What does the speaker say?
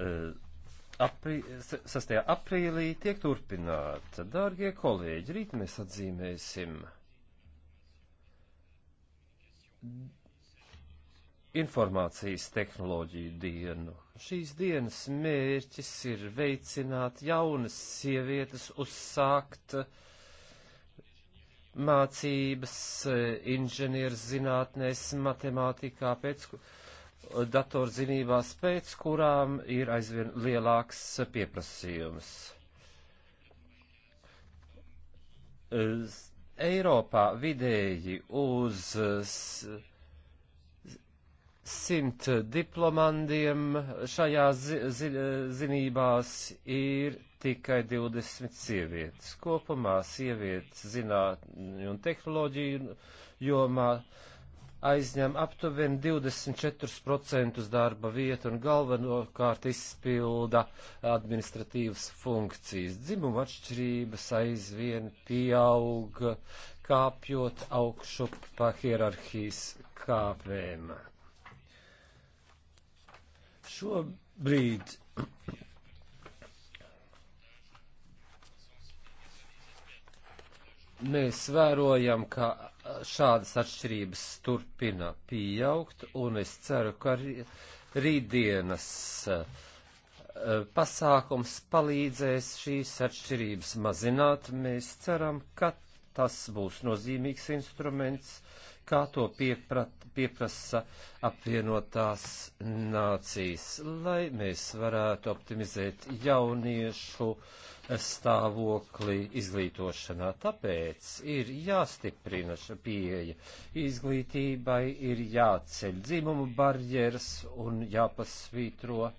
Eh, aprī, 6. aprīlī tiek turpināta. Dārgie kolēģi, rīt mēs atzīmēsim informācijas tehnoloģiju dienu. Šīs dienas mērķis ir veicināt jaunas sievietes uzsākt mācības eh, inženierzinātnēs, matemātikā, pēc datorzinībās, pēc kurām ir aizvien lielāks pieprasījums. Eiropā vidēji uz simt diplomandiem šajās zi zi zinībās ir tikai 20 sievietes. Kopumā sievietes zinātņu un tehnoloģiju jomā aizņem aptuveni 24% darba vietu un galvenokārt izpilda administratīvas funkcijas. Dzimuma atšķirības aizvien pieaug, kāpjot augšup pa hierarhijas kāpēm. Šobrīd mēs vērojam, ka šādas atšķirības turpina pieaugt, un es ceru, ka rītdienas e, pasākums palīdzēs šīs atšķirības mazināt. Mēs ceram, ka Tas būs nozīmīgs instruments, kā to pieprat, pieprasa apvienotās nācijas, lai mēs varētu optimizēt jauniešu stāvokli izglītošanā. Tāpēc ir jāstiprina šī pieeja. Izglītībai ir jāceļ dzimumu barjeras un jāpasvītro